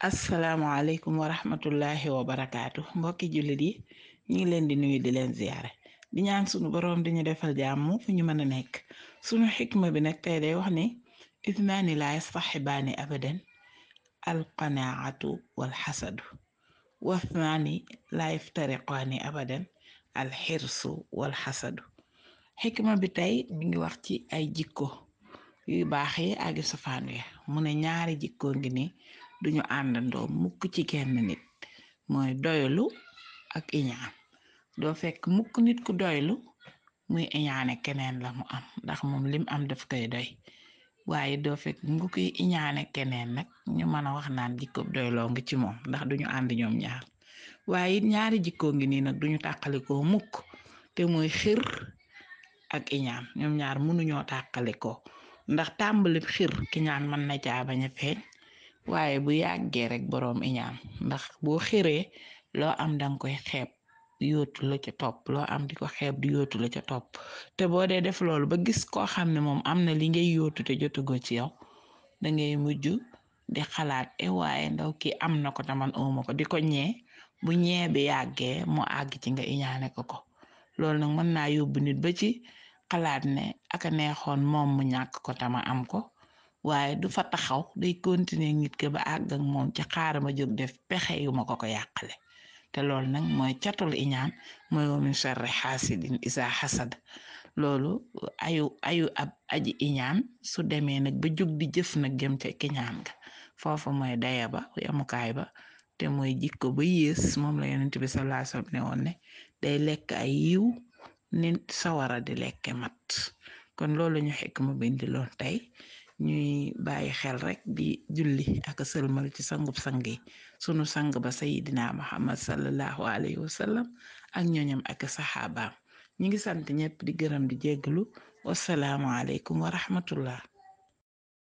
asalaamualeykum wa rahmatullahi wa barakaatu mbokki jullit yi ñu ngi leen di nuyu di leen ziyaare di ñaan sunu boroom di ñu defal jàmm fu ñu mën a nekk sunu xikma bi nag tey day wax ni isnaani laa yastaxibaani abadan alqanaatu walxasadu wasnaani laa yaftariqaani abadan alxirsu walxasadu xikma bi tey mi ngi wax ci ay jikko yu baax yi ak yu safaan ya mu ne ñaari jikko ngi ni duñu àndandoo mukk ci kenn nit mooy doylu ak iñaan doo fekk mukk nit ku doylu muy iñaane keneen la mu am ndax moom lim am def koy doy waaye doo fekk mu koy iñaane keneen nag ñu mën a wax naan jikko doyloo ngi ci moom ndax duñu ànd ñoom ñaar waaye ñaari jikkoo ngi nii nag duñu tàqalikoo mukk te muy xiir ak iñaan ñoom ñaar mënuñoo tàqalikoo ndax tàmbali xir ki ñaan mën na caa bañ feeñ waaye bu yàggee rek boroom iñaam ndax boo xëree loo am danga koy xeeb yootu la ca topp loo am di ko xeeb di yootu la ca topp te boo dee def loolu ba gis koo xam ne moom am na li ngay yootu te jotagoo ci yow dangay mujj di xalaat e waaye ndaw ki am na ko taman uma ko di ko ñee bu ñee bi yàggee mu àgg ci nga iñaane ko ko loolu nag mën naa yóbbu nit ba ci xalaat ne aka neexoon moom mu ñàkk ko tama am ko waaye du fa taxaw day continuer nit ke ba àgg ak moom ci xaarama jóg def pexe yu ma ko ko yàqale te loolu nag mooy catul iñaan mooy wa min sharri xaasidin isa xasad loolu ayu ayu ab aji iñaan su demee nag ba jóg di jëf nag jëm ca kiñaan ga foofa mooy daya ba yamukaay ba te mooy jikko ba yées moom la yonent bi sallallahu alayhi ne woon ne day lekk ay yiw ni sawara di lekke mat kon loolu ñu xikma bindi loon tey ñuy bàyyi xel rek bi julli ak sëlmal ci sangub sang yi sunu sang ba sayidina muhammad sallallahu alayhi wa sallam ak ñooñam ak saxaabaam ñi ngi sant ñëpp di gërëm di jégglu wasalaamu aleykum wa